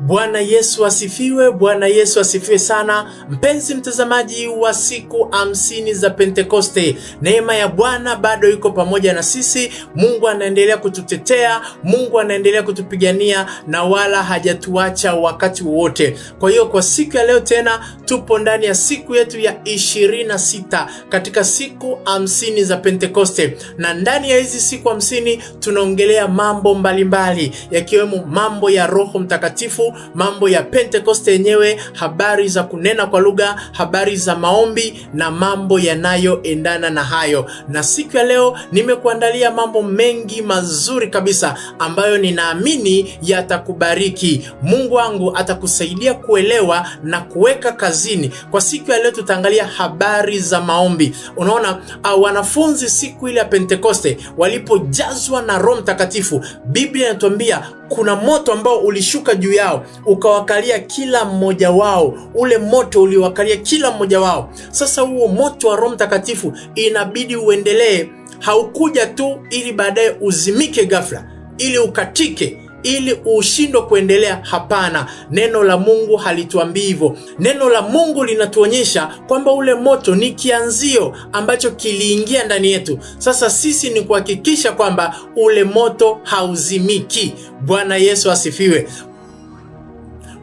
Bwana Yesu asifiwe. Bwana Yesu asifiwe sana, mpenzi mtazamaji wa siku hamsini za Pentekoste. Neema ya Bwana bado iko pamoja na sisi. Mungu anaendelea kututetea, Mungu anaendelea kutupigania na wala hajatuacha wakati wowote. Kwa hiyo kwa siku ya leo tena tupo ndani ya siku yetu ya ishirini na sita katika siku hamsini za Pentekoste, na ndani ya hizi siku hamsini tunaongelea mambo mbalimbali, yakiwemo mambo ya Roho Mtakatifu mambo ya Pentekoste yenyewe, habari za kunena kwa lugha, habari za maombi na mambo yanayoendana na hayo. Na siku ya leo nimekuandalia mambo mengi mazuri kabisa ambayo ninaamini yatakubariki. Mungu wangu atakusaidia kuelewa na kuweka kazini. Kwa siku ya leo tutaangalia habari za maombi. Unaona, ah, wanafunzi siku ile ya Pentekoste walipojazwa na Roho Mtakatifu, Biblia inatuambia kuna moto ambao ulishuka juu yao ukawakalia kila mmoja wao, ule moto uliowakalia kila mmoja wao. Sasa huo moto wa Roho Mtakatifu inabidi uendelee, haukuja tu ili baadaye uzimike ghafla, ili ukatike ili ushindwe kuendelea. Hapana, neno la Mungu halituambii hivyo. Neno la Mungu linatuonyesha kwamba ule moto ni kianzio ambacho kiliingia ndani yetu. Sasa sisi ni kuhakikisha kwamba ule moto hauzimiki. Bwana Yesu asifiwe.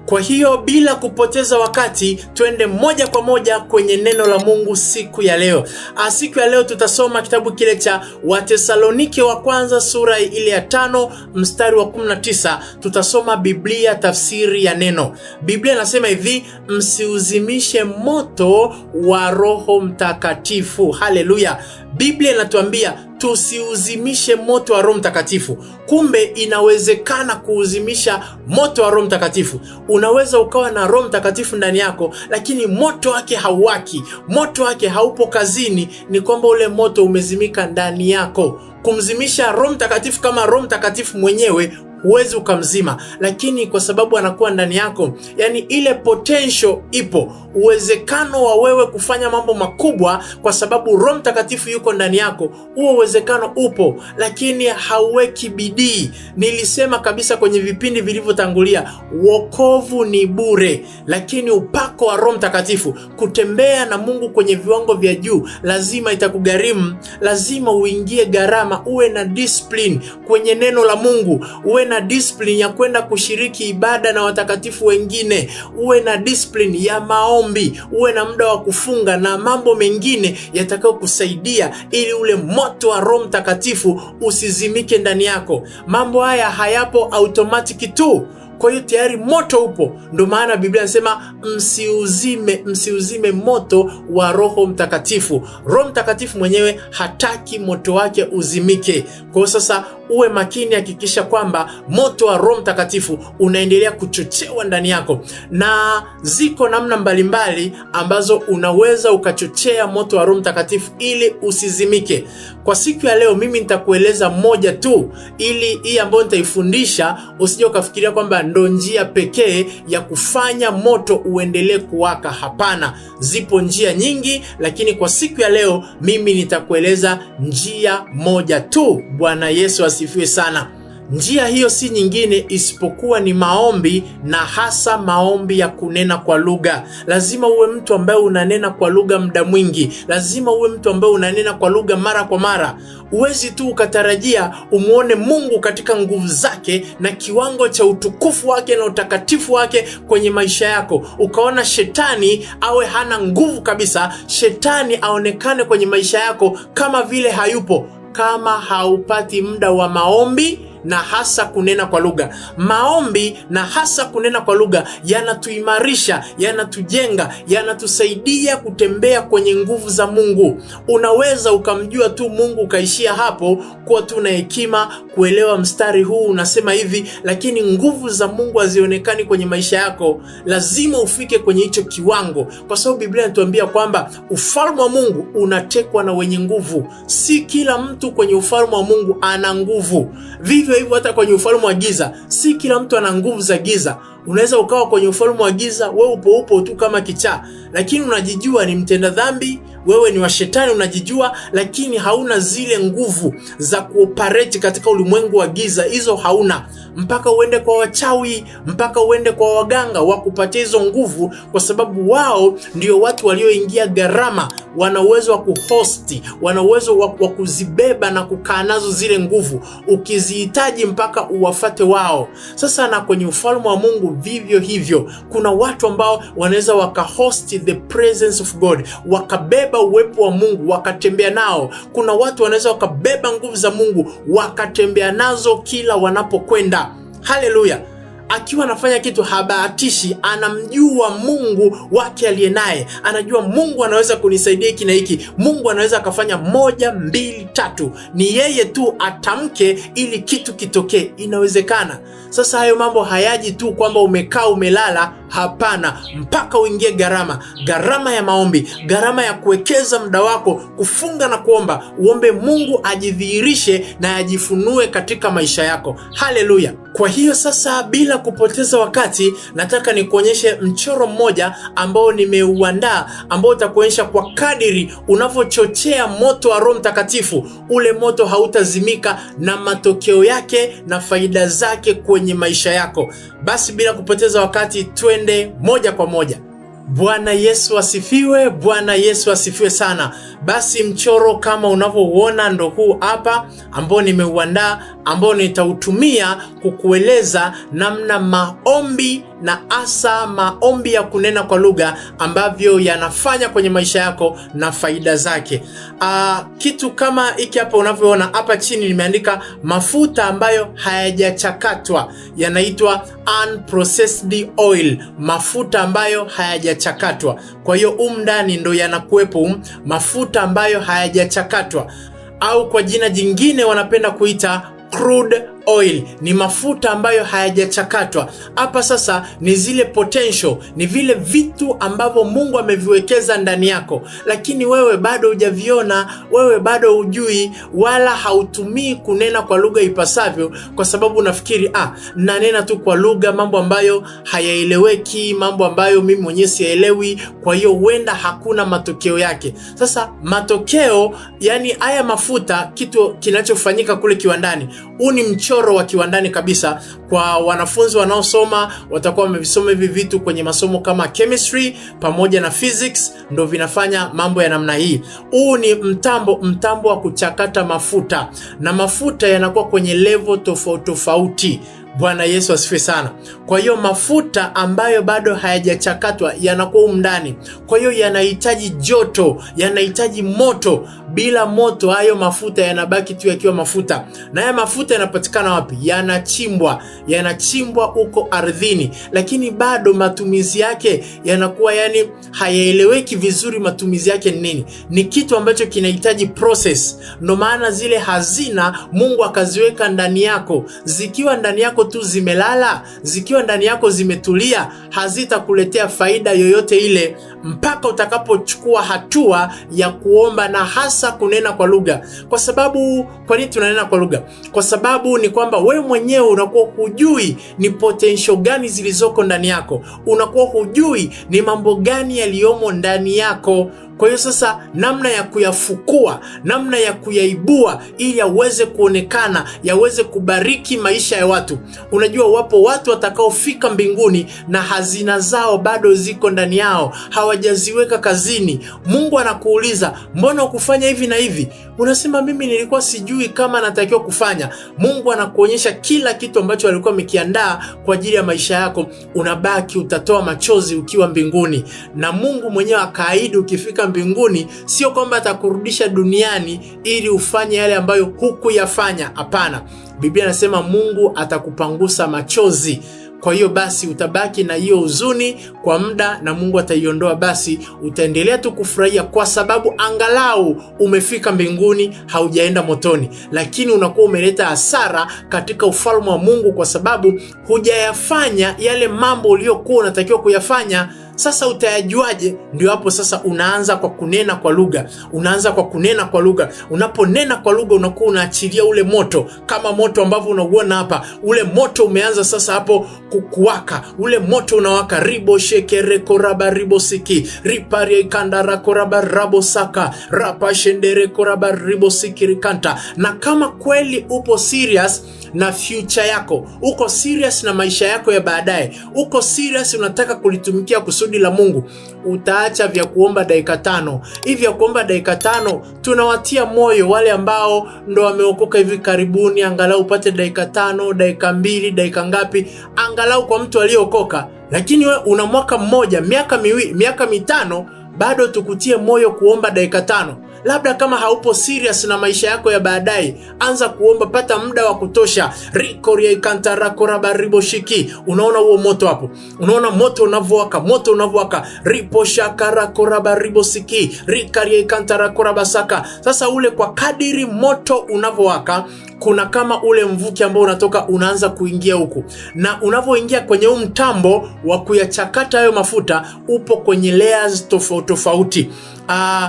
Kwa hiyo bila kupoteza wakati, twende moja kwa moja kwenye neno la Mungu siku ya leo. A, ah, siku ya leo tutasoma kitabu kile cha Watesalonike wa kwanza sura ile ya tano mstari wa 19. Tutasoma Biblia tafsiri ya neno. Biblia inasema hivi, msiuzimishe moto wa Roho Mtakatifu. Haleluya! Biblia inatuambia tusiuzimishe moto wa Roho Mtakatifu. Kumbe inawezekana kuuzimisha moto wa Roho Mtakatifu. Unaweza ukawa na Roho Mtakatifu ndani yako, lakini moto wake hauwaki, moto wake haupo kazini. Ni kwamba ule moto umezimika ndani yako. Kumzimisha Roho Mtakatifu kama Roho Mtakatifu mwenyewe huwezi ukamzima, lakini kwa sababu anakuwa ndani yako, yani ile potential ipo, uwezekano wa wewe kufanya mambo makubwa, kwa sababu Roho Mtakatifu yuko ndani yako, huo uwezekano upo, lakini hauweki bidii. Nilisema kabisa kwenye vipindi vilivyotangulia, wokovu ni bure, lakini upako wa Roho Mtakatifu, kutembea na Mungu kwenye viwango vya juu, lazima itakugharimu, lazima uingie gharama, uwe na discipline kwenye neno la Mungu, uwe na discipline ya kwenda kushiriki ibada na watakatifu wengine, uwe na discipline ya maombi, uwe na muda wa kufunga na mambo mengine yatakayokusaidia ili ule moto wa Roho Mtakatifu usizimike ndani yako. Mambo haya hayapo automatic tu. Kwa hiyo tayari moto upo. Ndio maana Biblia inasema msiuzime, msiuzime moto wa Roho Mtakatifu. Roho Mtakatifu mwenyewe hataki moto wake uzimike. Kwa hiyo sasa uwe makini, hakikisha kwamba moto wa Roho Mtakatifu unaendelea kuchochewa ndani yako, na ziko namna mbalimbali ambazo unaweza ukachochea moto wa Roho Mtakatifu ili usizimike. Kwa siku ya leo, mimi nitakueleza moja tu, ili hii ambayo nitaifundisha usije ukafikiria kwamba ndo njia pekee ya kufanya moto uendelee kuwaka. Hapana, zipo njia nyingi, lakini kwa siku ya leo mimi nitakueleza njia moja tu. Bwana Yesu asifiwe sana. Njia hiyo si nyingine isipokuwa ni maombi na hasa maombi ya kunena kwa lugha. Lazima uwe mtu ambaye unanena kwa lugha muda mwingi, lazima uwe mtu ambaye unanena kwa lugha mara kwa mara. Uwezi tu ukatarajia umwone Mungu katika nguvu zake na kiwango cha utukufu wake na utakatifu wake kwenye maisha yako, ukaona shetani awe hana nguvu kabisa, shetani aonekane kwenye maisha yako kama vile hayupo kama haupati muda wa maombi na hasa kunena kwa lugha. Maombi na hasa kunena kwa lugha yanatuimarisha, yanatujenga, yanatusaidia kutembea kwenye nguvu za Mungu. Unaweza ukamjua tu Mungu ukaishia hapo, kuwa tu na hekima kuelewa mstari huu unasema hivi, lakini nguvu za Mungu hazionekani kwenye maisha yako. Lazima ufike kwenye hicho kiwango, kwa sababu Biblia inatuambia kwamba ufalme wa Mungu unatekwa na wenye nguvu. Si kila mtu kwenye ufalme wa Mungu ana nguvu, vivyo hivyo hata kwenye ufalme wa giza, si kila mtu ana nguvu za giza. Unaweza ukawa kwenye ufalme wa giza, wewe upo upo tu kama kichaa, lakini unajijua ni mtenda dhambi, wewe ni wa shetani unajijua, lakini hauna zile nguvu za kuoperate katika ulimwengu wa giza. Hizo hauna mpaka uende kwa wachawi, mpaka uende kwa waganga wakupatia hizo nguvu, kwa sababu wao ndio watu walioingia gharama, wana uwezo wa kuhosti, wana uwezo wa kuzibeba na kukaa nazo zile nguvu, ukizihitaji mpaka uwafate wao. Sasa na kwenye ufalme wa Mungu vivyo hivyo, kuna watu ambao wanaweza wakahost the presence of God, wakabeba uwepo wa Mungu wakatembea nao. Kuna watu wanaweza wakabeba nguvu za Mungu wakatembea nazo kila wanapokwenda. Haleluya! akiwa anafanya kitu habahatishi, anamjua Mungu wake aliye naye, anajua Mungu anaweza kunisaidia hiki na hiki, Mungu anaweza akafanya moja, mbili, tatu, ni yeye tu atamke ili kitu kitokee. Inawezekana. Sasa hayo mambo hayaji tu kwamba umekaa umelala. Hapana, mpaka uingie gharama, gharama ya maombi, gharama ya kuwekeza muda wako, kufunga na kuomba, uombe Mungu ajidhihirishe na ajifunue katika maisha yako. Haleluya! Kwa hiyo sasa, bila kupoteza wakati, nataka nikuonyeshe mchoro mmoja ambao nimeuandaa ambao utakuonyesha kwa kadiri unavyochochea moto wa Roho Mtakatifu, ule moto hautazimika na matokeo yake na faida zake kwenye maisha yako. Basi bila kupoteza wakati, twende moja kwa moja. Bwana Yesu asifiwe, Bwana Yesu asifiwe sana. Basi mchoro kama unavyouona ndo huu hapa ambao nimeuandaa ambao nitautumia kukueleza namna maombi na hasa maombi ya kunena kwa lugha ambavyo yanafanya kwenye maisha yako na faida zake. Aa, ah, kitu kama hiki hapa unavyoona hapa chini nimeandika mafuta ambayo hayajachakatwa yanaitwa unprocessed oil, mafuta ambayo hayajachakatwa. Kwa hiyo um ndani ndo yanakuwepo um, mafuta ambayo hayajachakatwa au kwa jina jingine wanapenda kuita crude oil ni mafuta ambayo hayajachakatwa. Hapa sasa ni zile potential, ni vile vitu ambavyo Mungu ameviwekeza ndani yako, lakini wewe bado hujaviona, wewe bado hujui, wala hautumii kunena kwa lugha ipasavyo, kwa sababu unafikiri ah, nanena tu kwa lugha, mambo ambayo hayaeleweki, mambo ambayo mimi mwenyewe sielewi, kwa hiyo huenda hakuna matokeo yake. Sasa matokeo, yani haya mafuta, kitu kinachofanyika kule kiwandani, huu ni mcho mchoro wa kiwandani kabisa. Kwa wanafunzi wanaosoma, watakuwa wamevisoma hivi vitu kwenye masomo kama chemistry pamoja na physics, ndo vinafanya mambo ya namna hii. Huu ni mtambo mtambo wa kuchakata mafuta, na mafuta yanakuwa kwenye level tofauti tofauti. Bwana Yesu asifiwe sana. Kwa hiyo mafuta ambayo bado hayajachakatwa yanakuwa umndani ndani, kwa hiyo yanahitaji joto, yanahitaji moto. Bila moto hayo mafuta yanabaki tu yakiwa mafuta. Na haya mafuta yanapatikana wapi? Yanachimbwa, yanachimbwa huko ardhini, lakini bado matumizi yake yanakuwa yani hayaeleweki vizuri. Matumizi yake ni nini? Ni kitu ambacho kinahitaji process. Ndio maana zile hazina Mungu akaziweka ndani yako, zikiwa ndani yako tu zimelala, zikiwa ndani yako zimetulia, hazitakuletea faida yoyote ile mpaka utakapochukua hatua ya kuomba na hasa kunena kwa lugha. Kwa sababu, kwa nini tunanena kwa lugha? Kwa sababu ni kwamba wewe mwenyewe unakuwa hujui ni potential gani zilizoko ndani yako, unakuwa hujui ni mambo gani yaliyomo ndani yako. Kwa hiyo sasa, namna ya kuyafukua, namna ya kuyaibua, ili yaweze kuonekana, yaweze kubariki maisha ya watu. Unajua, wapo watu watakaofika mbinguni na hazina zao bado ziko ndani yao, hawa hawajaziweka kazini. Mungu anakuuliza mbona ukufanya hivi na hivi, unasema mimi nilikuwa sijui kama natakiwa kufanya. Mungu anakuonyesha kila kitu ambacho alikuwa amekiandaa kwa ajili ya maisha yako. Unabaki utatoa machozi ukiwa mbinguni, na Mungu mwenyewe akaahidi ukifika mbinguni, sio kwamba atakurudisha duniani ili ufanye yale ambayo hukuyafanya. Hapana, Biblia anasema Mungu atakupangusa machozi. Kwa hiyo basi utabaki na hiyo huzuni kwa muda na Mungu ataiondoa, basi utaendelea tu kufurahia, kwa sababu angalau umefika mbinguni, haujaenda motoni, lakini unakuwa umeleta hasara katika ufalme wa Mungu, kwa sababu hujayafanya yale mambo uliyokuwa unatakiwa kuyafanya. Sasa utayajuaje? Ndio hapo sasa unaanza kwa kunena kwa lugha, unaanza kwa kunena kwa lugha. Unaponena kwa lugha, unakuwa unaachilia ule moto, kama moto ambavyo unauona hapa. Ule moto umeanza sasa hapo kukuwaka, ule moto unawaka. ribo shekere koraba ribo siki ripari kandara koraba rabo saka rapa shendere koraba ribo siki rikanta. Na kama kweli upo serious na future yako, uko serious na maisha yako ya baadaye, uko serious unataka kulitumikia kusudi kusudi la Mungu, utaacha vya kuomba dakika tano. Hivi vya kuomba dakika tano tunawatia moyo wale ambao ndo wameokoka hivi karibuni, angalau upate dakika tano, dakika mbili, dakika ngapi, angalau kwa mtu aliyeokoka. Lakini we una mwaka mmoja, miaka miwili, miaka mitano, bado tukutie moyo kuomba dakika tano. Labda kama haupo serious na maisha yako ya baadaye, anza kuomba, pata muda wa kutosha. rikoryaikantarakorabariboshiki unaona huo moto hapo, unaona moto unavyowaka, moto unavyowaka riposhakarakorabaribosiki rikaryaikantarakorabasaka. Sasa ule kwa kadiri moto unavyowaka kuna kama ule mvuke ambao unatoka unaanza kuingia huku, na unavyoingia kwenye huu mtambo wa kuyachakata hayo mafuta, upo kwenye layers tofauti tofauti. Uh,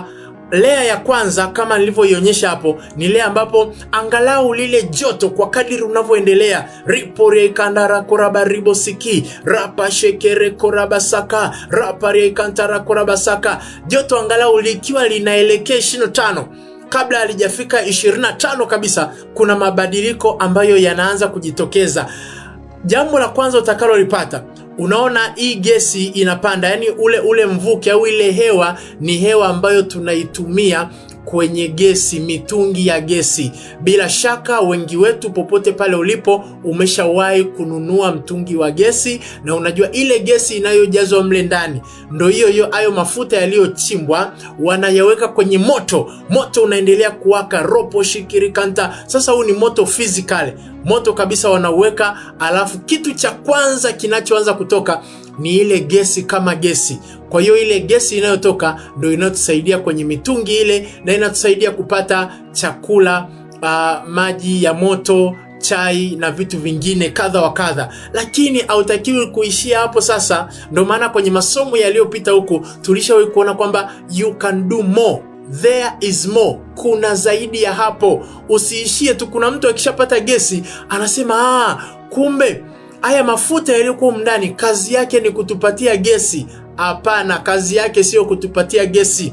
lea ya kwanza kama nilivyoionyesha hapo ni lea ambapo angalau lile joto kwa kadiri unavyoendelea ripore kandara koraba siki rapa shekere koraba saka rapa koraba saka, joto angalau likiwa linaelekea tano kabla halijafika 25 kabisa, kuna mabadiliko ambayo yanaanza kujitokeza. Jambo la kwanza utakalolipata unaona hii gesi inapanda, yani ule ule mvuke au ile hewa ni hewa ambayo tunaitumia kwenye gesi, mitungi ya gesi. Bila shaka wengi wetu, popote pale ulipo, umeshawahi kununua mtungi wa gesi, na unajua ile gesi inayojazwa mle ndani ndo hiyo hiyo, hayo mafuta yaliyochimbwa wanayaweka kwenye moto, moto unaendelea kuwaka, ropo shikirikanta. Sasa huu ni moto physical, moto kabisa wanauweka, alafu kitu cha kwanza kinachoanza kutoka ni ile gesi kama gesi. Kwa hiyo ile gesi inayotoka ndio inayotusaidia kwenye mitungi ile na inatusaidia kupata chakula, uh, maji ya moto, chai na vitu vingine kadha wa kadha, lakini hautakiwi kuishia hapo. Sasa ndio maana kwenye masomo yaliyopita huku tulishawahi kuona kwamba you can do more. There is more, kuna zaidi ya hapo. Usiishie tu. Kuna mtu akishapata gesi anasema ah, kumbe Haya mafuta yaliyokuwa ndani kazi yake ni kutupatia gesi? Hapana, kazi yake siyo kutupatia gesi.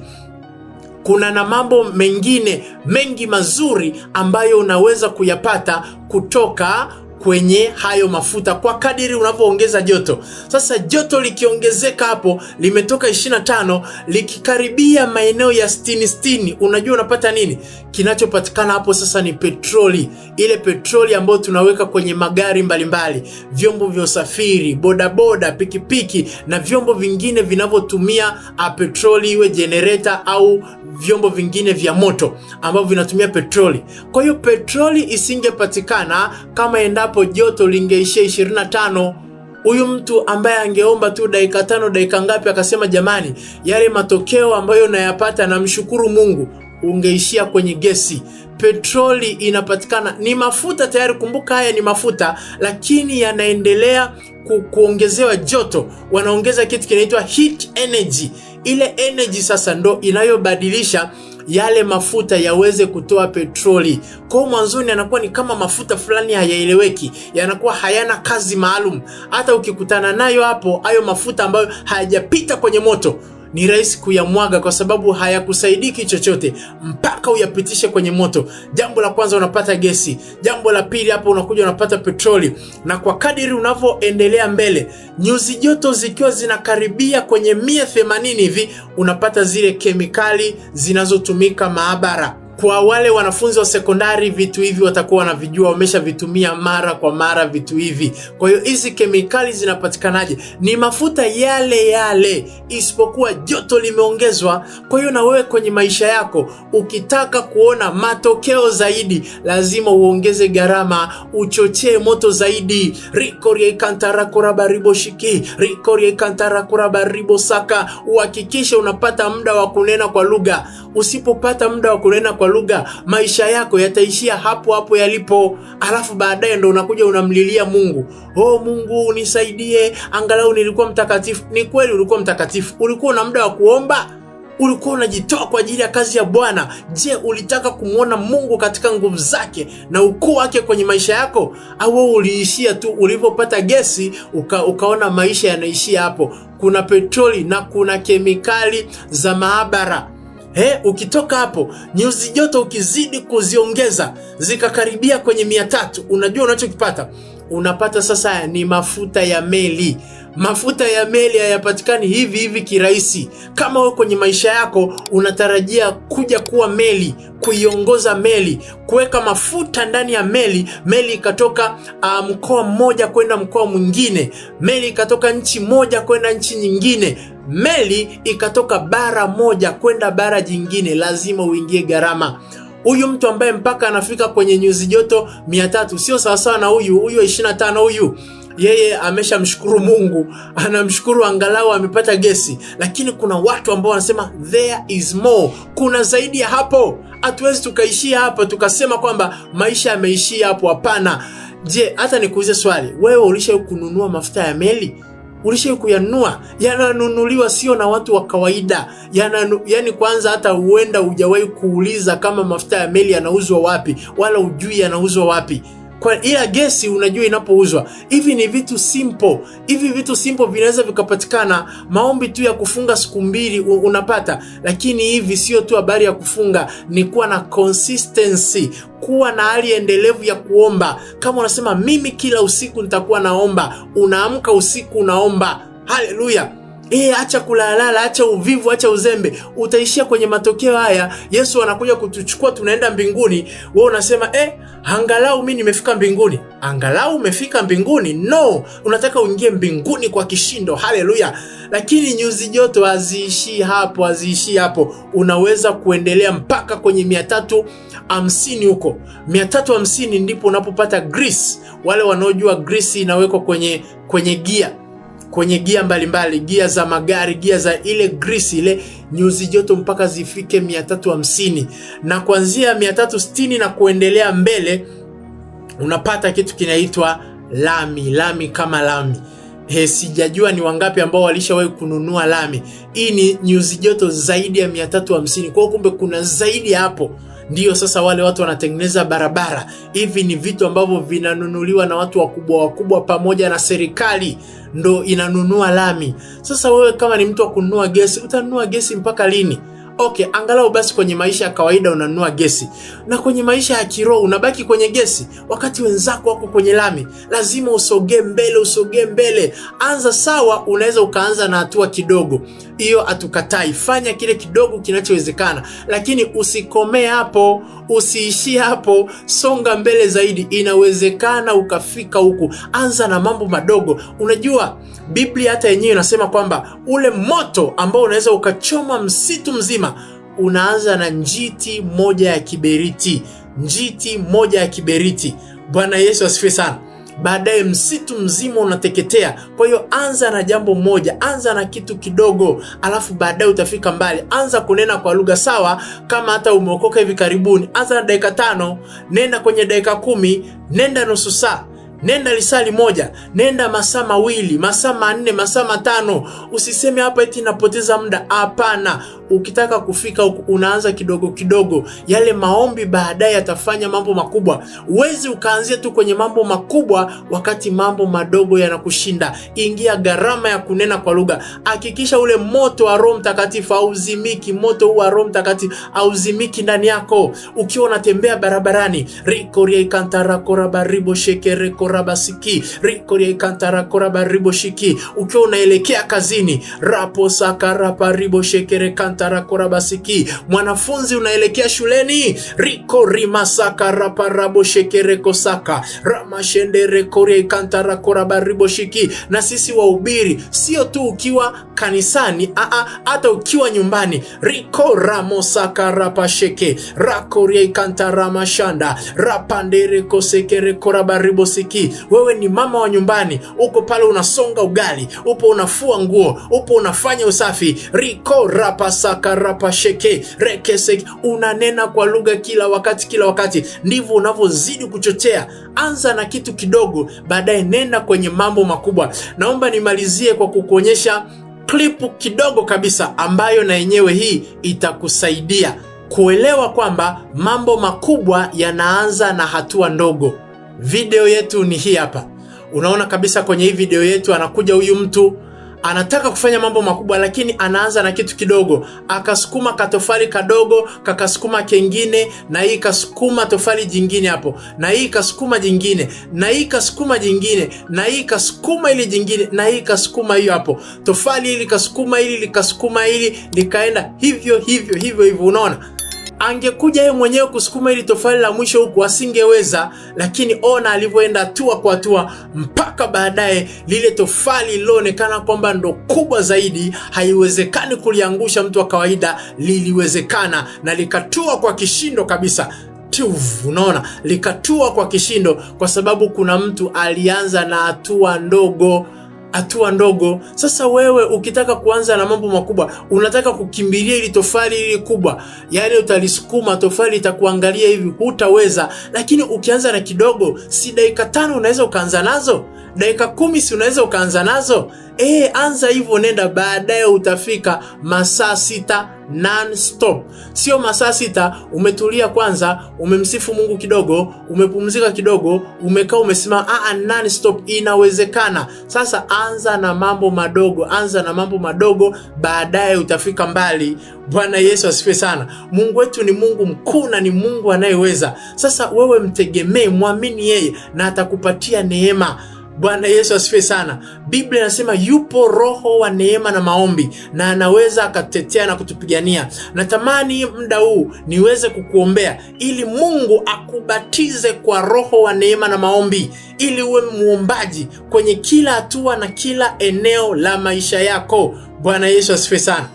Kuna na mambo mengine mengi mazuri ambayo unaweza kuyapata kutoka kwenye hayo mafuta kwa kadiri unavyoongeza joto. Sasa joto likiongezeka hapo limetoka 25 likikaribia maeneo ya 60 60, unajua unapata nini? kinachopatikana hapo sasa ni petroli, ile petroli ambayo tunaweka kwenye magari mbalimbali mbali, vyombo vya usafiri, bodaboda, pikipiki na vyombo vingine vinavyotumia ah, petroli, iwe jenereta au vyombo vingine vya moto ambavyo vinatumia petroli. Kwa hiyo petroli isingepatikana kama endapo joto lingeishia 25 huyu mtu ambaye angeomba tu dakika tano dakika ngapi, akasema jamani, yale matokeo ambayo nayapata, namshukuru Mungu ungeishia kwenye gesi. Petroli inapatikana, ni mafuta tayari. Kumbuka haya ni mafuta, lakini yanaendelea ku, kuongezewa joto, wanaongeza kitu kinaitwa heat energy. Ile energy sasa ndo inayobadilisha yale mafuta yaweze kutoa petroli. Kwa mwanzoni yanakuwa ni kama mafuta fulani hayaeleweki, yanakuwa hayana kazi maalum. Hata ukikutana nayo hapo, hayo mafuta ambayo hayajapita kwenye moto ni rahisi kuyamwaga kwa sababu hayakusaidiki chochote mpaka uyapitishe kwenye moto. Jambo la kwanza unapata gesi, jambo la pili hapo unakuja unapata petroli, na kwa kadiri unavyoendelea mbele, nyuzi joto zikiwa zinakaribia kwenye mia hivi unapata zile kemikali zinazotumika maabara kwa wale wanafunzi wa sekondari, vitu hivi watakuwa wanavijua, wameshavitumia mara kwa mara vitu hivi. Kwa hiyo hizi kemikali zinapatikanaje? Ni mafuta yale yale, isipokuwa joto limeongezwa. Kwa hiyo na wewe kwenye maisha yako ukitaka kuona matokeo zaidi, lazima uongeze gharama, uchochee moto zaidi. rikoryeikantarakurabariboshiki rikoryeikantarakuraba uhakikishe unapata muda wa kunena kwa lugha usipopata muda wa kunena kwa lugha, maisha yako yataishia hapo hapo yalipo, alafu baadaye ndo unakuja unamlilia Mungu, oh Mungu unisaidie, angalau nilikuwa mtakatifu. Ni kweli ulikuwa mtakatifu, ulikuwa una muda wa kuomba ulikuwa unajitoa kwa ajili ya kazi ya Bwana. Je, ulitaka kumwona Mungu katika nguvu zake na ukuu wake kwenye maisha yako, au uliishia tu ulivyopata gesi uka, ukaona maisha yanaishia hapo? Kuna petroli na kuna kemikali za maabara He, ukitoka hapo nyuzi joto ukizidi kuziongeza zikakaribia kwenye mia tatu, unajua unachokipata unapata sasa ni mafuta ya meli. Mafuta ya meli hayapatikani hivi hivi kirahisi. Kama wewe kwenye maisha yako unatarajia kuja kuwa meli, kuiongoza meli, kuweka mafuta ndani ya meli, meli ikatoka uh, mkoa mmoja kwenda mkoa mwingine, meli ikatoka nchi moja kwenda nchi nyingine, meli ikatoka bara moja kwenda bara jingine, lazima uingie gharama huyu mtu ambaye mpaka anafika kwenye nyuzi joto mia sio sawasawa na huyu huyu 25 huyu yeye ameshamshukuru Mungu, anamshukuru angalau amepata gesi, lakini kuna watu ambao wanasema there is more, kuna zaidi ya hapo. Hatuwezi tukaishia hapa tukasema kwamba maisha yameishia hapo. Hapana. Je, hata nikuuze swali, wewe ulisha kununua mafuta ya meli? ulisha kuyanunua? Yananunuliwa sio na watu wa kawaida. Yananu, yani kwanza hata huenda hujawahi kuuliza kama mafuta ya meli yanauzwa wapi, wala ujui yanauzwa wapi kwa ila gesi unajua inapouzwa. Hivi ni vitu simple, hivi vitu simple vinaweza vikapatikana, maombi tu ya kufunga siku mbili unapata. Lakini hivi sio tu habari ya kufunga, ni kuwa na consistency, kuwa na hali endelevu ya kuomba. Kama unasema mimi kila usiku nitakuwa naomba, unaamka usiku unaomba. Haleluya! E, acha kulalala, acha uvivu, acha uzembe, utaishia kwenye matokeo haya. Yesu anakuja kutuchukua, tunaenda mbinguni. we unasema eh, angalau mi nimefika mbinguni. Angalau umefika mbinguni? No, unataka uingie mbinguni kwa kishindo. Haleluya! Lakini nyuzi joto haziishii hapo, haziishii hapo. Unaweza kuendelea mpaka kwenye miatatu hamsini huko. Mia hamsini ndipo unapopata grisi. Wale wanaojua grisi inawekwa kwenye kwenye gia kwenye gia mbalimbali, gia za magari, gia za ile grisi ile nyuzi joto mpaka zifike 350 na kuanzia 360 na kuendelea mbele unapata kitu kinaitwa lami, lami kama lami. He, sijajua ni wangapi ambao walishawahi kununua lami. Hii ni nyuzi joto zaidi ya 350. Kwa kumbe kuna zaidi hapo. Ndiyo sasa wale watu wanatengeneza barabara. Hivi ni vitu ambavyo vinanunuliwa na watu wakubwa wakubwa, pamoja na serikali ndo inanunua lami. Sasa wewe kama ni mtu wa kununua gesi, utanunua gesi mpaka lini? okay, angalau basi kwenye maisha ya kawaida unanunua gesi, na kwenye maisha ya kiroho unabaki kwenye gesi, wakati wenzako wako kwenye lami. Lazima usogee mbele, usogee mbele. Anza sawa, unaweza ukaanza na hatua kidogo, hiyo hatukatai. Fanya kile kidogo kinachowezekana, lakini usikomee hapo usiishie hapo, songa mbele zaidi. Inawezekana ukafika huku, anza na mambo madogo. Unajua Biblia hata yenyewe inasema kwamba ule moto ambao unaweza ukachoma msitu mzima unaanza na njiti moja ya kiberiti, njiti moja ya kiberiti. Bwana Yesu asifiwe sana baadaye msitu mzima unateketea. Kwa hiyo anza na jambo moja, anza na kitu kidogo, alafu baadaye utafika mbali. Anza kunena kwa lugha sawa, kama hata umeokoka hivi karibuni, anza na dakika tano, nenda kwenye dakika kumi, nenda nusu saa nenda lisali moja, nenda masaa mawili, masaa manne, masaa matano. Usiseme hapa eti napoteza muda. Hapana, ukitaka kufika unaanza kidogo kidogo. Yale maombi baadaye yatafanya mambo makubwa. Huwezi ukaanzia tu kwenye mambo makubwa wakati mambo madogo yanakushinda. Ingia gharama ya kunena kwa lugha. Hakikisha ule moto wa Roho Mtakatifu auzimiki Moto huu wa Roho Mtakatifu auzimiki ndani yako. Ukiwa unatembea barabarani, rikoria ikantara koraba ribo sheke rekoraba siki rikoria ikantara koraba ribo shiki. Ukiwa unaelekea kazini, rapo sakarapa ribo shekere kantara tarakorabasiki. Mwanafunzi unaelekea shuleni riko rimasaka raparabo shekereko Na sisi ubiri sio tu ukiwa kanisani, hata ukiwa nyumbani riko ramosaka rapasheke rakorekantaramashanda rapanderekosekerekorabaribosiki. Wewe ni mama wa nyumbani, uko pale unasonga ugali, upo unafua nguo, upo unafanya usafi riko rapasa sakarapasheke rekese unanena kwa lugha kila wakati kila wakati. Ndivyo unavyozidi kuchochea. Anza na kitu kidogo, baadaye nenda kwenye mambo makubwa. Naomba nimalizie kwa kukuonyesha klipu kidogo kabisa ambayo na yenyewe hii itakusaidia kuelewa kwamba mambo makubwa yanaanza na hatua ndogo. Video yetu ni hii hapa. Unaona kabisa kwenye hii video yetu anakuja huyu mtu anataka kufanya mambo makubwa, lakini anaanza na kitu kidogo. Akasukuma katofali kadogo, kakasukuma kengine, na hii kasukuma tofali jingine hapo, na hii kasukuma jingine, na hii kasukuma jingine, na hii kasukuma ili jingine, na hii kasukuma hiyo hapo, tofali hili kasukuma hili likasukuma hili likaenda hivyo hivyo hivyo hivyo, unaona angekuja yeye mwenyewe kusukuma ili tofali la mwisho huku asingeweza, lakini ona alivyoenda hatua kwa hatua mpaka baadaye lile tofali lilionekana kwamba ndo kubwa zaidi, haiwezekani kuliangusha mtu wa kawaida, liliwezekana na likatua kwa kishindo kabisa. unaona, likatua kwa kishindo kwa sababu kuna mtu alianza na hatua ndogo hatua ndogo. Sasa wewe ukitaka kuanza na mambo makubwa, unataka kukimbilia ili tofali ili kubwa, yale yaani utalisukuma tofali itakuangalia hivi, hutaweza. Lakini ukianza na kidogo, si dakika tano unaweza ukaanza nazo, dakika kumi si unaweza ukaanza nazo E, anza hivyo, nenda baadaye, utafika masaa sita non stop. Sio masaa sita umetulia kwanza, umemsifu Mungu kidogo, umepumzika kidogo, umekaa umesimama. Ah, ah, non stop inawezekana. Sasa anza na mambo madogo, anza na mambo madogo, baadaye utafika mbali. Bwana Yesu asifiwe sana. Mungu wetu ni Mungu mkuu na ni Mungu anayeweza. Sasa wewe mtegemee, mwamini yeye na atakupatia neema. Bwana Yesu asifiwe sana. Biblia inasema yupo Roho wa neema na maombi, na anaweza akatetea na kutupigania. Natamani muda huu niweze kukuombea ili Mungu akubatize kwa Roho wa neema na maombi, ili uwe muombaji kwenye kila hatua na kila eneo la maisha yako. Bwana Yesu asifiwe sana.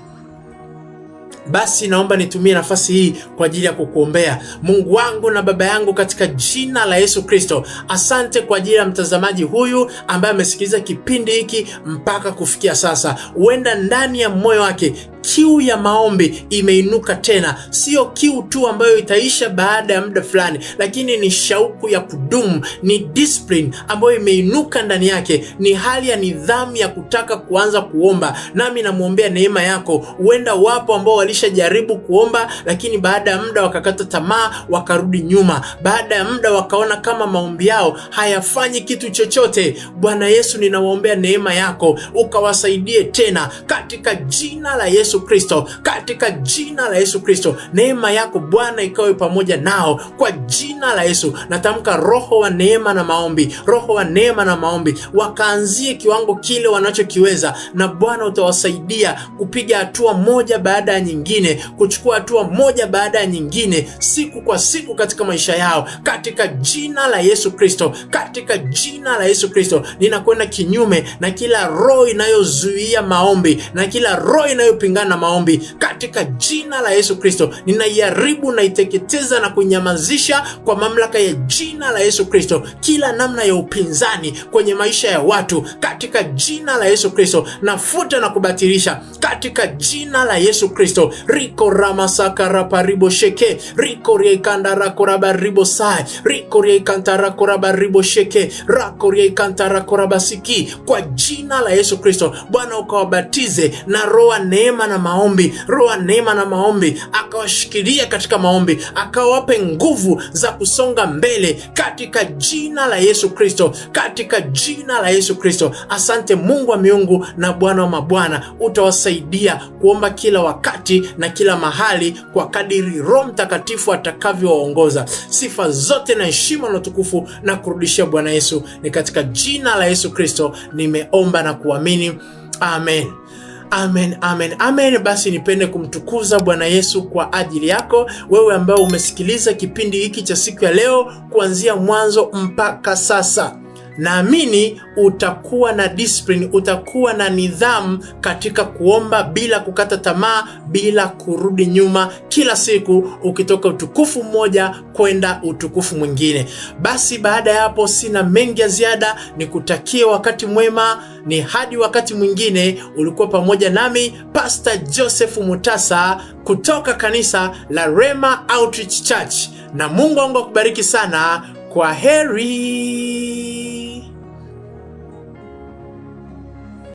Basi naomba nitumie nafasi hii kwa ajili ya kukuombea. Mungu wangu na Baba yangu, katika jina la Yesu Kristo, asante kwa ajili ya mtazamaji huyu ambaye amesikiliza kipindi hiki mpaka kufikia sasa. Huenda ndani ya moyo wake kiu ya maombi imeinuka tena, sio kiu tu ambayo itaisha baada ya muda fulani, lakini ni shauku ya kudumu, ni discipline ambayo imeinuka ndani yake, ni hali ya nidhamu ya kutaka kuanza kuomba. Nami namwombea neema yako. Huenda wapo ambao walisha walishajaribu kuomba, lakini baada ya muda wakakata tamaa, wakarudi nyuma. Baada ya muda wakaona kama maombi yao hayafanyi kitu chochote. Bwana Yesu, ninawaombea neema yako ukawasaidie tena, katika jina la Yesu Kristo, katika jina la Yesu Kristo. Neema yako Bwana ikawe pamoja nao kwa jina la Yesu. Natamka roho wa neema na maombi, roho wa neema na maombi, wakaanzie kiwango kile wanachokiweza, na Bwana utawasaidia kupiga hatua moja baada ya nyingine nyingine, kuchukua hatua moja baada ya nyingine, siku kwa siku katika maisha yao, katika jina la Yesu Kristo, katika jina la Yesu Kristo. Ninakwenda kinyume na kila roho inayozuia maombi na kila roho inayopingana na maombi, katika jina la Yesu Kristo ninaiharibu, naiteketeza na kunyamazisha kwa mamlaka ya jina la Yesu Kristo, kila namna ya upinzani kwenye maisha ya watu katika jina la Yesu Kristo, nafuta na kubatilisha katika jina la Yesu Kristo riko ramasaka raparibo sheke riko riekanda rakoraba ribo sae riko riekanta rakoraba ribo sheke rako riekanta rakoraba siki. Kwa jina la Yesu Kristo, Bwana ukawabatize na roa neema na maombi, roa neema na maombi, akawashikilia katika maombi, akawape nguvu za kusonga mbele katika jina la Yesu Kristo, katika jina la Yesu Kristo. Asante Mungu wa miungu na Bwana wa mabwana, utawasaidia kuomba kila wakati na kila mahali kwa kadiri Roho Mtakatifu atakavyowaongoza. Sifa zote na heshima na utukufu na kurudishia Bwana Yesu. Ni katika jina la Yesu Kristo nimeomba na kuamini, amen. Amen, amen, amen. Basi nipende kumtukuza Bwana Yesu kwa ajili yako wewe ambaye umesikiliza kipindi hiki cha siku ya leo kuanzia mwanzo mpaka sasa naamini utakuwa na discipline, utakuwa na nidhamu katika kuomba bila kukata tamaa, bila kurudi nyuma, kila siku ukitoka utukufu mmoja kwenda utukufu mwingine. Basi baada ya hapo, sina mengi ya ziada, nikutakie wakati mwema, ni hadi wakati mwingine. Ulikuwa pamoja nami Pastor Joseph Mutasa kutoka kanisa la Rema Outreach Church, na Mungu wangu akubariki sana. Kwa heri.